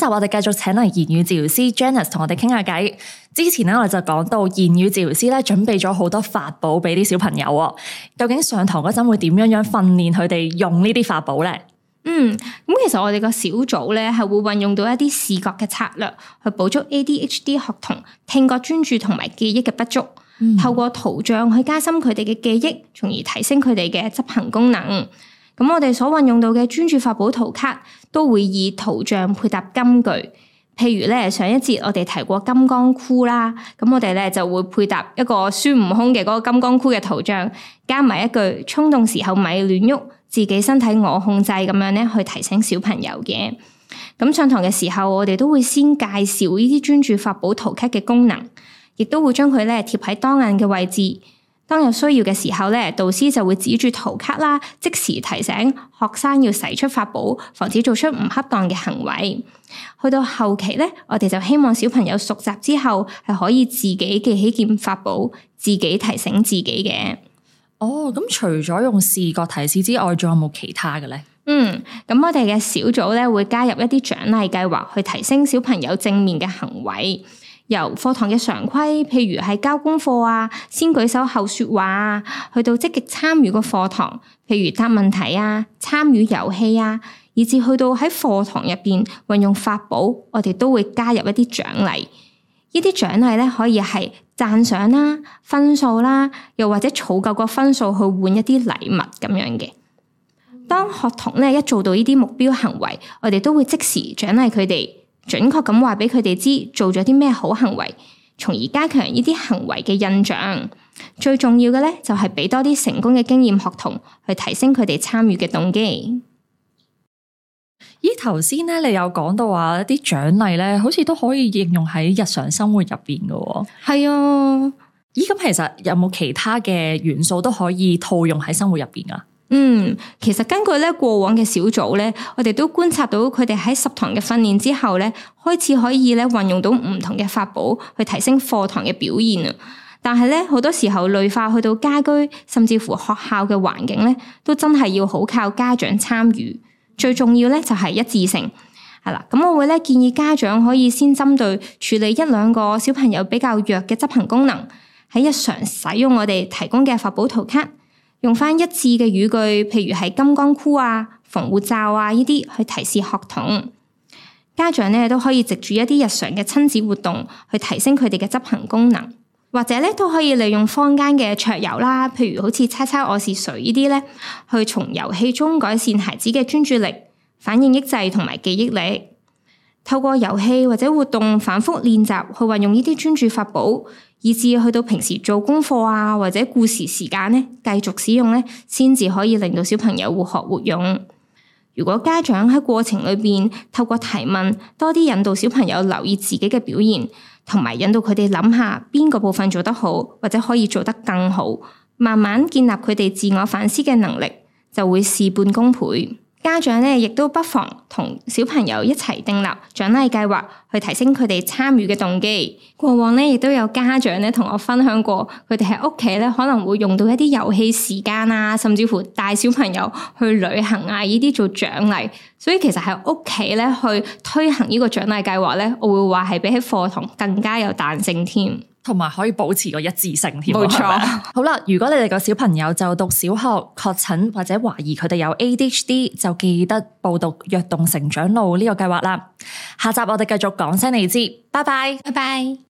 就我哋繼續請嚟言語治療師 Janice 同我哋傾下偈。之前咧我哋就講到言語治療師咧準備咗好多法寶俾啲小朋友。究竟上堂嗰陣會點樣樣訓練佢哋用呢啲法寶咧？嗯，咁其實我哋個小組咧係會運用到一啲視覺嘅策略去補足 ADHD 學童聽覺專注同埋記憶嘅不足。嗯、透過圖像去加深佢哋嘅記憶，從而提升佢哋嘅執行功能。咁我哋所運用到嘅專注法寶圖卡，都會以圖像配搭金句，譬如咧上一節我哋提過金剛箍啦，咁我哋咧就會配搭一個孫悟空嘅嗰個金剛箍嘅圖像，加埋一句衝動時候咪亂喐，自己身體我控制咁樣咧去提醒小朋友嘅。咁上堂嘅時候，我哋都會先介紹呢啲專注法寶圖卡嘅功能，亦都會將佢咧貼喺當眼嘅位置。當有需要嘅時候咧，導師就會指住圖卡啦，即時提醒學生要使出法寶，防止做出唔恰當嘅行為。去到後期咧，我哋就希望小朋友熟習之後，係可以自己記起件法寶，自己提醒自己嘅。哦，咁除咗用視覺提示之外，仲有冇其他嘅咧？嗯，咁我哋嘅小組咧會加入一啲獎勵計劃，去提升小朋友正面嘅行為。由課堂嘅常規，譬如係交功課啊，先舉手後說話啊，去到積極參與個課堂，譬如答問題啊，參與遊戲啊，以至去到喺課堂入邊運用法寶，我哋都會加入一啲獎勵。呢啲獎勵咧，可以係讚賞啦、分數啦，又或者儲夠個分數去換一啲禮物咁樣嘅。當學童咧一做到呢啲目標行為，我哋都會即時獎勵佢哋。準確咁話俾佢哋知做咗啲咩好行為，從而加強呢啲行為嘅印象。最重要嘅咧，就係俾多啲成功嘅經驗學童去提升佢哋參與嘅動機。咦，頭先咧你有講到話一啲獎勵咧，好似都可以應用喺日常生活入邊嘅。係啊，咦，咁其實有冇其他嘅元素都可以套用喺生活入邊啊？嗯，其實根據咧過往嘅小組咧，我哋都觀察到佢哋喺十堂嘅訓練之後咧，開始可以咧運用到唔同嘅法寶去提升課堂嘅表現啊！但係咧好多時候，類化去到家居，甚至乎學校嘅環境咧，都真係要好靠家長參與。最重要咧就係一致性，係啦。咁我會咧建議家長可以先針對處理一兩個小朋友比較弱嘅執行功能，喺日常使用我哋提供嘅法寶圖卡。用翻一致嘅語句，譬如係金剛箍啊、防護罩啊呢啲，去提示學童。家長呢都可以藉住一啲日常嘅親子活動，去提升佢哋嘅執行功能，或者咧都可以利用坊間嘅桌遊啦，譬如好似猜猜我是誰呢啲咧，去從遊戲中改善孩子嘅專注力、反應抑制同埋記憶力。透過遊戲或者活動反復練習，去運用呢啲專注法寶，以至去到平時做功課啊或者故事時間呢，繼續使用呢，先至可以令到小朋友活學活用。如果家長喺過程裏面透過提問，多啲引導小朋友留意自己嘅表現，同埋引導佢哋諗下邊個部分做得好，或者可以做得更好，慢慢建立佢哋自我反思嘅能力，就會事半功倍。家長呢亦都不妨同小朋友一齊訂立獎勵計劃，去提升佢哋參與嘅動機。過往呢亦都有家長呢同我分享過，佢哋喺屋企呢可能會用到一啲遊戲時間啊，甚至乎帶小朋友去旅行啊，呢啲做獎勵。所以其實喺屋企呢去推行呢個獎勵計劃呢，我會話係比起課堂更加有彈性添。同埋可以保持個一致性添，冇錯。好啦，如果你哋個小朋友就讀小學確診或者懷疑佢哋有 ADHD，就記得報讀躍動成長路呢個計劃啦。下集我哋繼續講聲，你哋知，拜拜，拜拜。